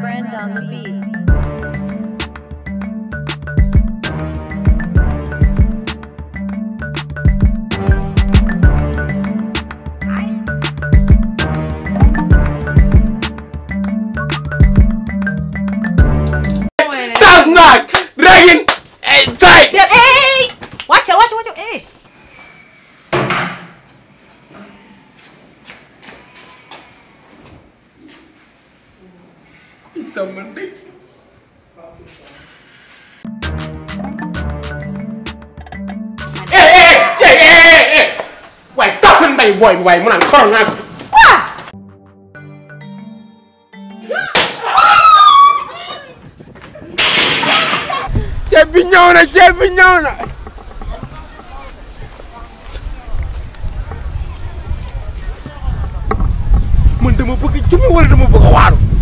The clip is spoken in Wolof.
friend on the beat. That's not Dragon sama eh, eh, eh, waaye tasa ndey booy bi waaye mu naan xor naa ko ceeb bi ñëw ceeb bi ñëw na man bëgg jumi wala dama bëgg waaru